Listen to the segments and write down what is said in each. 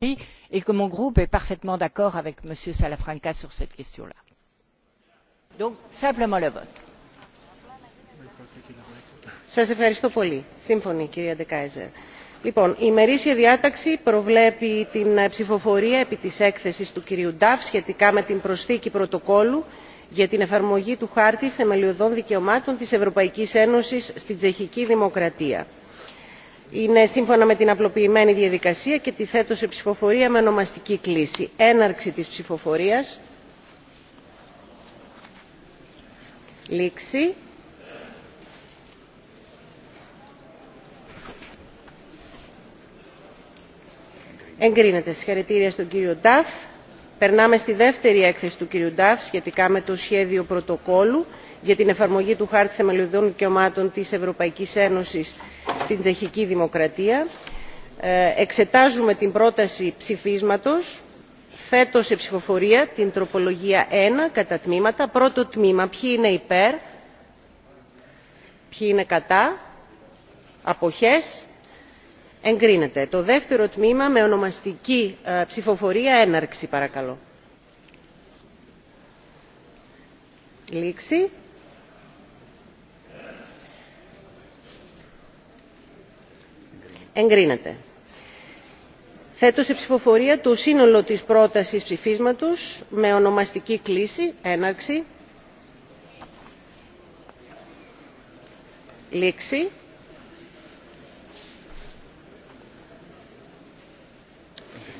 et que mon groupe est parfaitement d'accord avec m. salafranca sur cette question donc simplement le vote. Σας ευχαριστώ πολύ. Σύμφωνη κυρία Ντεκάιζερ. Λοιπόν, η ημερήσια διάταξη προβλέπει την ψηφοφορία επί της έκθεσης του κυρίου duff σχετικά με την προσθήκη πρωτοκόλλου για την εφαρμογή του χάρτη θεμελιωδών δικαιωμάτων της Ευρωπαϊκής Ένωσης στην Τσεχική Δημοκρατία είναι σύμφωνα με την απλοποιημένη διαδικασία και τη θέτω σε ψηφοφορία με ονομαστική κλίση. έναρξη της ψηφοφορίας λήξη εγκρίνεται. συγχαρητήρια στον κύριο duff περνάμε στη δεύτερη έκθεση του κ. duff σχετικά με το σχέδιο πρωτοκόλλου για την εφαρμογή του χάρτη θεμελιωδών δικαιωμάτων της ευρωπαϊκής ένωσης στην τσεχική δημοκρατία. εξετάζουμε την πρόταση ψηφίσματος. θέτω σε ψηφοφορία την τροπολογία 1 κατά τμήματα. πρώτο τμήμα ποιοι είναι υπέρ ποιοι είναι κατά αποχές εγκρίνεται. το δεύτερο τμήμα με ονομαστική ψηφοφορία έναρξη παρακαλώ. λήξη. εγκρίνεται. θέτω σε ψηφοφορία το σύνολο της πρότασης ψηφίσματος με ονομαστική κλίση έναρξη. λήξη.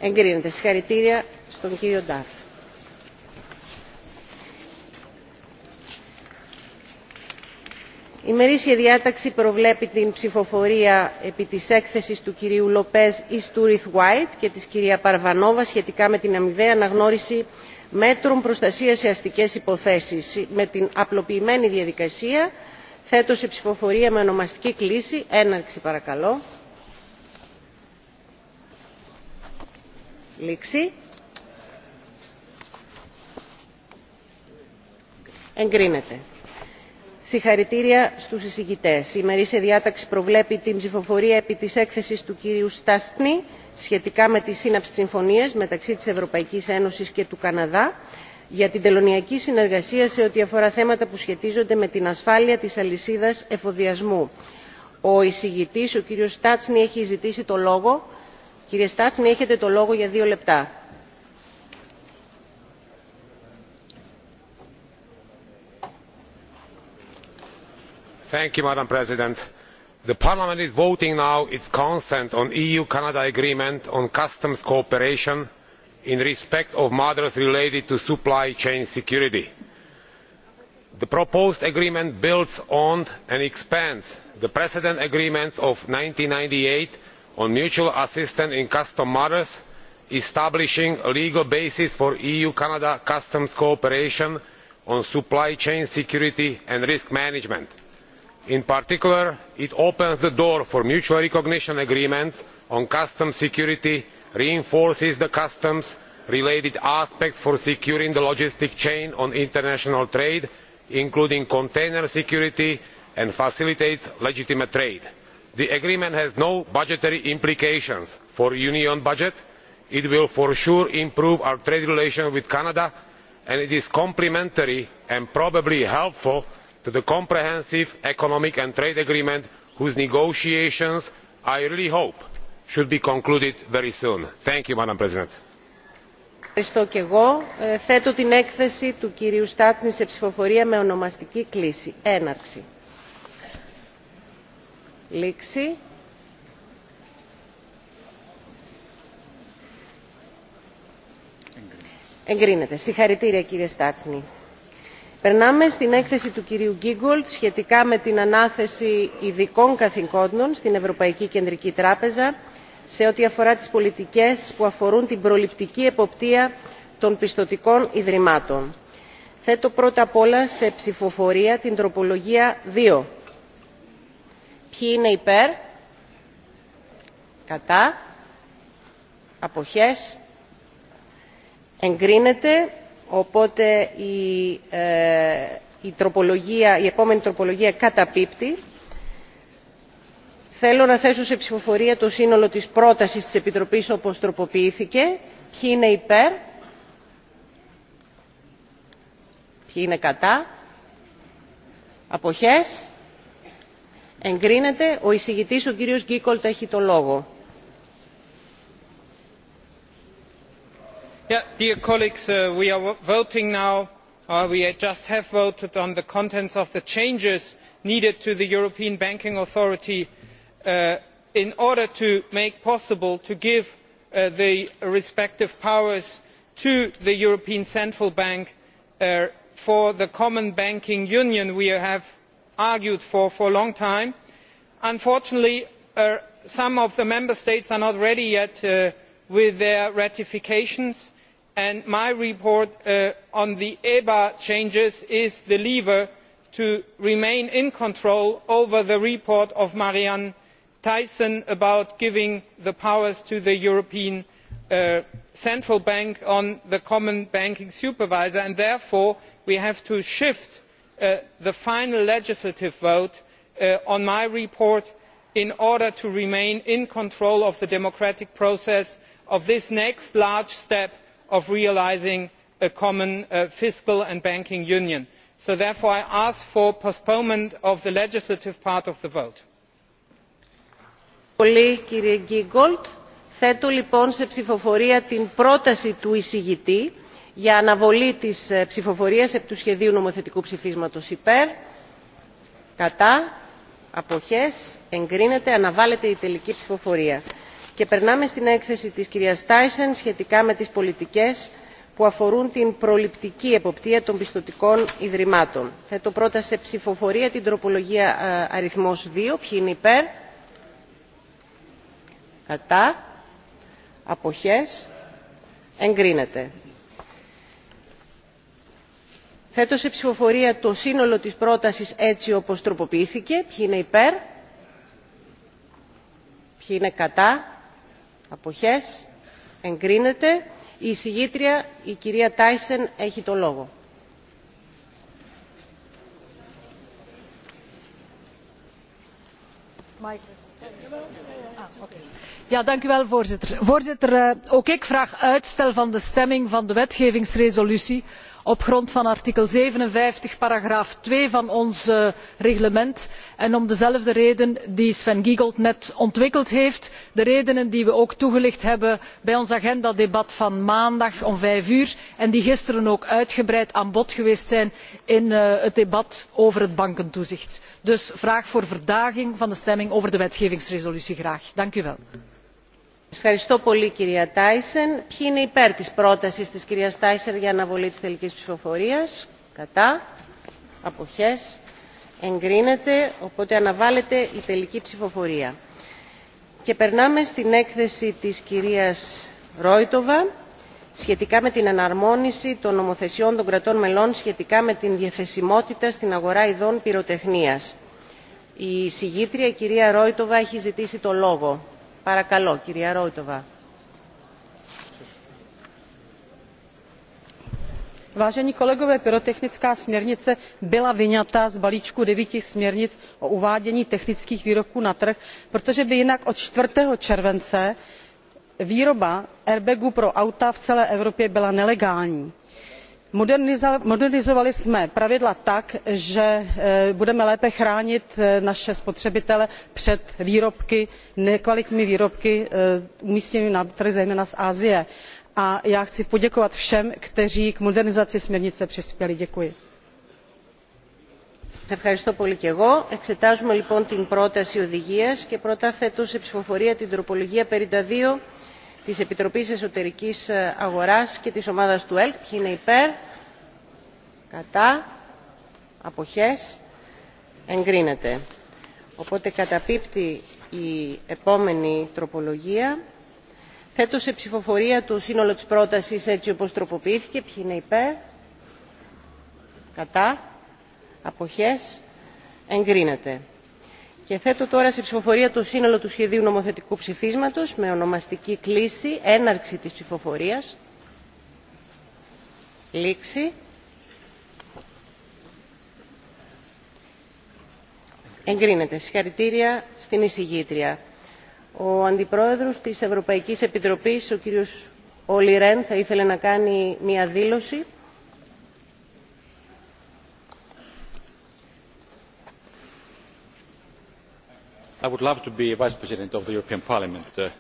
εγκρίνεται. συγχαρητήρια στον κύριο νταφ. η μερίσια διάταξη προβλέπει την ψηφοφορία επί της έκθεσης του κυρίου λοπές ιστούριθ white και της κυρία παρβανόβα σχετικά με την αμοιβαία αναγνώριση μέτρων προστασίας σε αστικές υποθέσεις. με την απλοποιημένη διαδικασία θέτω σε ψηφοφορία με ονομαστική κλίση έναρξη παρακαλώ. λήξη εγκρίνεται. συγχαρητήρια στους εισηγητές. η ημερήσια διάταξη προβλέπει την ψηφοφορία επί της έκθεσης του κυρίου Στάσνη σχετικά με τη σύναψη συμφωνίας μεταξύ της ευρωπαϊκής ένωσης και του καναδά για την τελωνιακή συνεργασία σε ό,τι αφορά θέματα που σχετίζονται με την ασφάλεια της αλυσίδας εφοδιασμού. ο εισηγητής ο κύριος Στάτσνη έχει ζητήσει το λόγο Madam President. The Parliament is voting now its consent on EU-Canada agreement on customs cooperation in respect of matters related to supply chain security. The proposed agreement builds on and expands the precedent agreements of ninety eight on mutual assistance in customs matters establishing a legal basis for eu canada customs cooperation on supply chain security and risk management. in particular it opens the door for mutual recognition agreements on customs security reinforces the customs related aspects for securing the logistic chain on international trade including container security and facilitates legitimate trade the agreement has no budgetary implications for the union budget it will for sure improve our trade relations with canada and it is complementary and probably helpful to the comprehensive economic and trade agreement whose negotiations i really hope should be concluded very soon. thank you madam president lixi Εγκρίνεται. Συγχαρητήρια κύριε Στάτσνη. Περνάμε στην έκθεση του κυρίου Γκίγκολτ σχετικά με την ανάθεση ειδικών καθηκόντων στην Ευρωπαϊκή Κεντρική Τράπεζα σε ό,τι αφορά τις πολιτικές που αφορούν την προληπτική εποπτεία των πιστωτικών ιδρυμάτων. Θέτω πρώτα απ' όλα σε ψηφοφορία την τροπολογία 2. Ποιοι είναι υπέρ. Κατά. Αποχές. Εγκρίνεται. Οπότε η, ε, η, τροπολογία, η επόμενη τροπολογία καταπίπτει. Θέλω να θέσω σε ψηφοφορία το σύνολο της πρότασης της Επιτροπής όπως τροποποιήθηκε. Ποιοι είναι υπέρ. Ποιοι είναι κατά. Αποχές dear colleagues, uh, we are voting now, or uh, we just have voted on the contents of the changes needed to the European Banking Authority uh, in order to make possible to give the respective powers to the european central bank for the common banking union we have argued for for a long time. unfortunately uh, some of the member states are not ready yet uh, with their ratifications and my report uh, on the eba changes is the lever to remain in control over the report of marianne thyssen about giving the powers to the european central bank on the common banking supervisor and therefore we have to shift Uh, the final legislative vote uh, on my report in order to remain in control of the democratic process of this next large step of realising a common uh, fiscal and banking union. therefore i ask for postponement of the legislative part of the vote για αναβολή της ψηφοφορίας επί του σχεδίου νομοθετικού ψηφίσματος υπέρ κατά αποχές εγκρίνεται αναβάλλεται η τελική ψηφοφορία. και περνάμε στην έκθεση της κυρίας Τάισεν σχετικά με τις πολιτικές που αφορούν την προληπτική εποπτεία των πιστωτικών ιδρυμάτων. θέτω πρώτα σε ψηφοφορία την τροπολογία αριθμός 2. ποιοι είναι υπέρ κατά αποχές εγκρίνεται θέτω σε ψηφοφορία το σύνολο της πρότασης έτσι όπως τροποποιήθηκε. Ποιοι είναι υπέρ. Ποιοι είναι κατά. Αποχές. Εγκρίνεται. Η εισηγήτρια, η κυρία Τάισεν, έχει το λόγο. voorzitter ook ik vraag uitstel van de stemming van de wetgevingsresolutie op grond van artikel zevenenvijftig paragraaf twee van ons eh, reglement en om dezelfde reden die sven giegold net ontwikkeld heeft de redenen die we ook toegelicht hebben bij ons agendadebat van maandag om vijf uur en die gisteren ook uitgebreid aan bod geweest zijn in eh, het debat over het bankentoezicht. dus vraag voor verdaging van de stemming over de wetgevingsresolutie. Ευχαριστώ πολύ κυρία Τάισεν. Ποιοι είναι υπέρ της πρότασης της κυρίας Τάισεν για αναβολή της τελικής ψηφοφορίας. Κατά. Αποχές. Εγκρίνεται. Οπότε αναβάλετε η τελική ψηφοφορία. Και περνάμε στην έκθεση της κυρίας Ρόιτοβα σχετικά με την εναρμόνιση των νομοθεσιών των κρατών μελών σχετικά με την διαθεσιμότητα στην αγορά ειδών πυροτεχνίας. Η συγγήτρια κυρία Ρόιτοβα έχει ζητήσει το λόγο. Vážení kolegové, pyrotechnická směrnice byla vyňata z balíčku devíti směrnic o uvádění technických výrobků na trh, protože by jinak od 4. července výroba airbagů pro auta v celé Evropě byla nelegální Modernizovali sme pravidla tak že e, budeme lepe hranit e, naše spotrebite pred virobki nekolikmi viropbki e, ummisljeju na trezajmenas Azije, a ja akci podjekoovat vm teži modernizacije smernice prepjali djekuji. Zaha š to politijego ak se tamo li ponting protejud hiješke prote tušeš foforrijti rologije perdadio, ti se pitropišeš u terikiše aora, ki ti š adaš tuel per κατά αποχές εγκρίνεται οπότε καταπίπτει η επόμενη τροπολογία θέτω σε ψηφοφορία το σύνολο της πρότασης έτσι όπως τροποποιήθηκε ποιοι είναι υπέρ κατά αποχές εγκρίνεται και θέτω τώρα σε ψηφοφορία το σύνολο του σχεδίου νομοθετικού ψηφίσματος με ονομαστική κλίση έναρξη της ψηφοφορίας λήξη εγκρίνεται. συγχαρητήρια στην εισηγήτρια. ο αντιπρόεδρος της ευρωπαϊκής επιτροπής ο κ. olli rehn θα ήθελε να κάνει μια δήλωση. i would love to be vice president of the european parliament. Uh,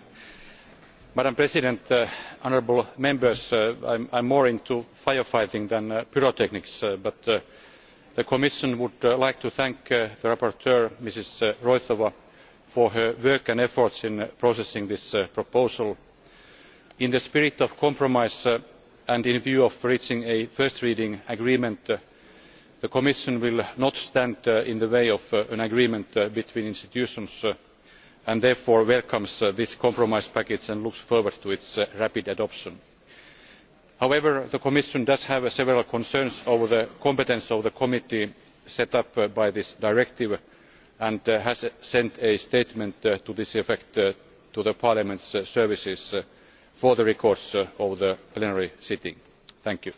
madam president uh, honorable honourable members uh, I'm i am more into firefighting than pyrotechnics but the commission would uh, like to thank uh, the rapporteur ms uh, roithov for her work and efforts in processing this proposal. in the spirit of compromise and in view of reaching a first reading agreement the commission will not stand in the way of an agreement between institutions and therefore welcomes this compromise package and looks forward to its rapid adoption however the commission does have uh, several concerns over the competence of the committee set up uh, by this directive and uh, has sent a statement to this effect to parliament's services for the records of the plenary sitting. thank you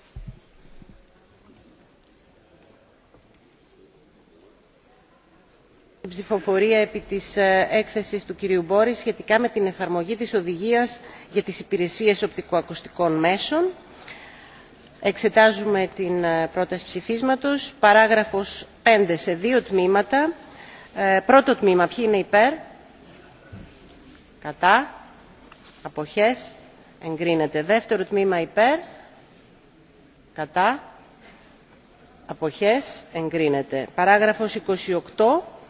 εξετάζουμε την πρόταση ψηφίσματος παράγραφος 5 σε δύο τμήματα πρώτο τμήμα ποιοι είναι υπέρ κατά αποχές εγκρίνεται δεύτερο τμήμα υπέρ κατά αποχές εγκρίνεται παράγραφος 28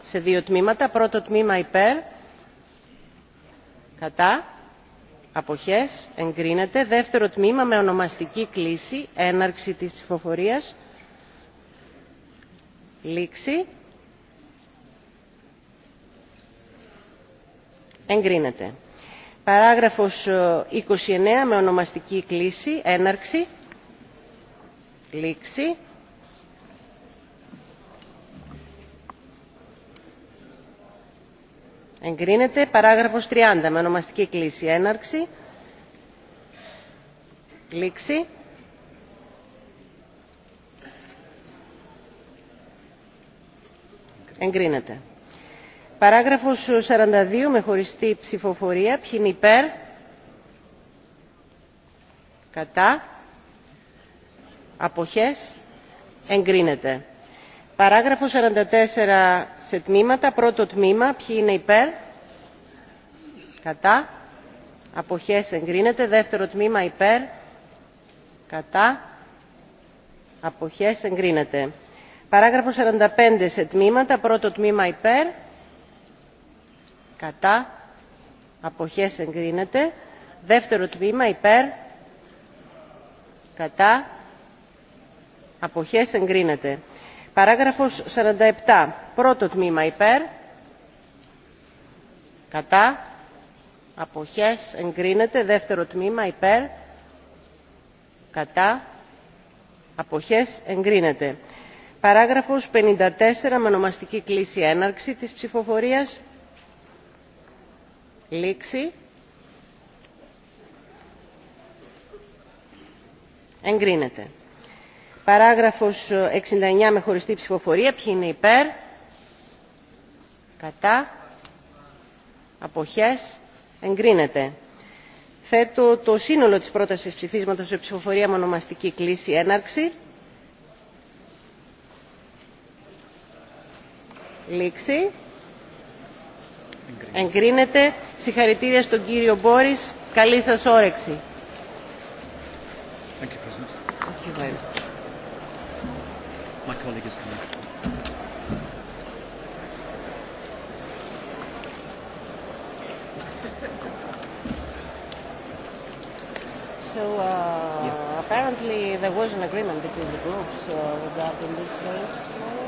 σε δύο τμήματα πρώτο τμήμα υπέρ κατά αποχές εγκρίνεται δεύτερο τμήμα με ονομαστική κλίση έναρξη της ψηφοφορίας λήξη εγκρίνεται παράγραφος 29 με ονομαστική κλίση έναρξη λήξη εγκρίνεται παράγραφος 30 με ονομαστική κλίση έναρξη λήξη εγκρίνεται παράγραφος 42 με χωριστή ψηφοφορία ποιοι υπέρ κατά αποχές εγκρίνεται Παράγραφο 44 σε τμήματα. Πρώτο τμήμα. Ποιοι είναι υπέρ. Κατά. Αποχές εγκρίνεται. Δεύτερο τμήμα υπέρ. Κατά. Αποχές εγκρίνεται. Παράγραφο 45 σε τμήματα. Πρώτο τμήμα υπέρ. Κατά. Αποχές εγκρίνεται. Δεύτερο τμήμα υπέρ. Κατά. Αποχές εγκρίνεται Παράγραφος 47. Πρώτο τμήμα υπέρ. Κατά. Αποχές εγκρίνεται. Δεύτερο τμήμα υπέρ. Κατά. Αποχές εγκρίνεται. Παράγραφος 54 με ονομαστική κλίση έναρξη της ψηφοφορίας. Λήξη. Εγκρίνεται. Παράγραφος 69 με χωριστή ψηφοφορία. Ποιοι είναι υπέρ. Κατά. Αποχές. Εγκρίνεται. Θέτω το σύνολο της πρότασης ψηφίσματος σε ψηφοφορία με ονομαστική κλίση έναρξη. Λήξη. Εγκρίνεται. Συγχαρητήρια στον κύριο Μπόρις. Καλή σας όρεξη. So uh, yeah. apparently there was an agreement between the groups uh, regarding this point.